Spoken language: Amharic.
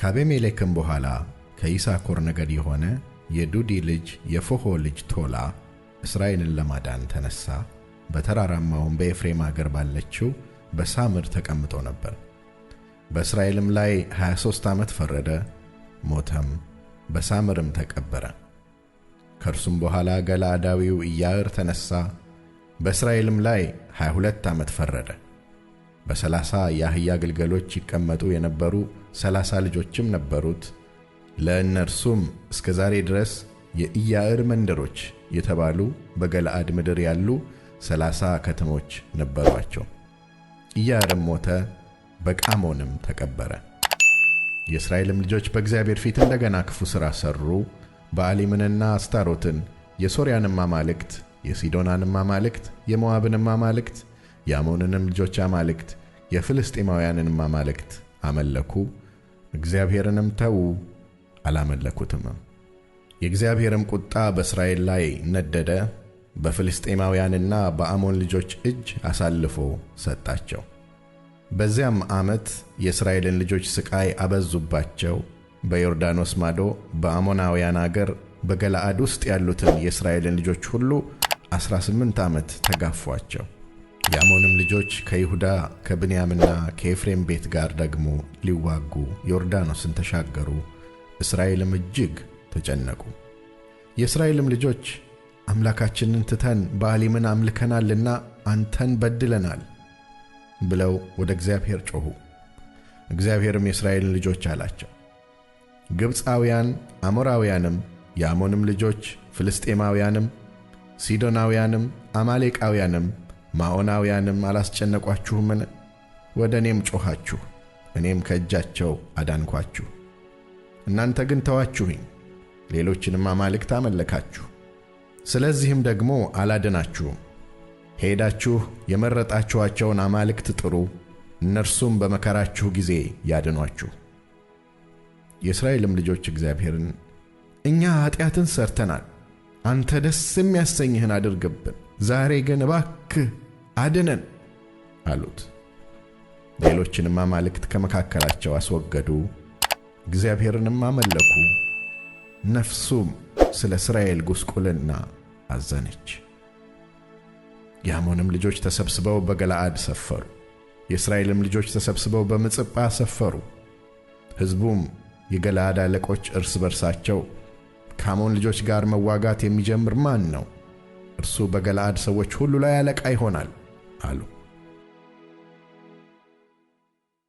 ከአቤሜሌክም በኋላ ከይሳኮር ነገድ የሆነ የዱዲ ልጅ የፎሆ ልጅ ቶላ እስራኤልን ለማዳን ተነሣ። በተራራማውም በኤፍሬም አገር ባለችው በሳምር ተቀምጦ ነበር። በእስራኤልም ላይ 23 ዓመት ፈረደ፣ ሞተም፣ በሳምርም ተቀበረ። ከእርሱም በኋላ ገላዳዊው ኢያዕር ተነሣ፣ በእስራኤልም ላይ 22 ዓመት ፈረደ። በሰላሳ የአህያ ግልገሎች ይቀመጡ የነበሩ ሰላሳ ልጆችም ነበሩት። ለእነርሱም እስከ ዛሬ ድረስ የኢያዕር መንደሮች የተባሉ በገለአድ ምድር ያሉ ሰላሳ ከተሞች ነበሯቸው። ኢያዕርም ሞተ፣ በቃሞንም ተቀበረ። የእስራኤልም ልጆች በእግዚአብሔር ፊት እንደገና ክፉ ሥራ ሠሩ። በአሊምንና አስታሮትን፣ የሶርያንም አማልክት፣ የሲዶናንም አማልክት፣ የሞዓብንም አማልክት የአሞንንም ልጆች አማልክት የፍልስጢማውያንንም አማልክት አመለኩ፤ እግዚአብሔርንም ተዉ አላመለኩትም የእግዚአብሔርም ቁጣ በእስራኤል ላይ ነደደ፤ በፍልስጢማውያንና በአሞን ልጆች እጅ አሳልፎ ሰጣቸው። በዚያም ዓመት የእስራኤልን ልጆች ሥቃይ አበዙባቸው፤ በዮርዳኖስ ማዶ በአሞናውያን አገር በገላአድ ውስጥ ያሉትን የእስራኤልን ልጆች ሁሉ 18 ዓመት ተጋፏቸው። የአሞንም ልጆች ከይሁዳ ከብንያምና ከኤፍሬም ቤት ጋር ደግሞ ሊዋጉ ዮርዳኖስን ተሻገሩ፣ እስራኤልም እጅግ ተጨነቁ። የእስራኤልም ልጆች አምላካችንን ትተን በአሊምን አምልከናልና አንተን በድለናል ብለው ወደ እግዚአብሔር ጮኹ። እግዚአብሔርም የእስራኤልን ልጆች አላቸው፣ ግብፃውያን፣ አሞራውያንም፣ የአሞንም ልጆች፣ ፍልስጤማውያንም፣ ሲዶናውያንም፣ አማሌቃውያንም ማዖናውያንም አላስጨነቋችሁምን? ወደ እኔም ጮኻችሁ፣ እኔም ከእጃቸው አዳንኳችሁ። እናንተ ግን ተዋችሁኝ፣ ሌሎችንም አማልክት አመለካችሁ። ስለዚህም ደግሞ አላድናችሁም። ሄዳችሁ የመረጣችኋቸውን አማልክት ጥሩ፣ እነርሱም በመከራችሁ ጊዜ ያድኗችሁ። የእስራኤልም ልጆች እግዚአብሔርን እኛ ኀጢአትን ሠርተናል፣ አንተ ደስ የሚያሰኝህን አድርግብን፣ ዛሬ ግን እባክህ አድነን አሉት። ሌሎችንም አማልክት ከመካከላቸው አስወገዱ፣ እግዚአብሔርንም አመለኩ። ነፍሱም ስለ እስራኤል ጉስቁልና አዘነች። የአሞንም ልጆች ተሰብስበው በገለዓድ ሰፈሩ። የእስራኤልም ልጆች ተሰብስበው በምጽጳ ሰፈሩ። ሕዝቡም የገለዓድ አለቆች እርስ በርሳቸው ከአሞን ልጆች ጋር መዋጋት የሚጀምር ማን ነው? እርሱ በገለዓድ ሰዎች ሁሉ ላይ አለቃ ይሆናል Allons.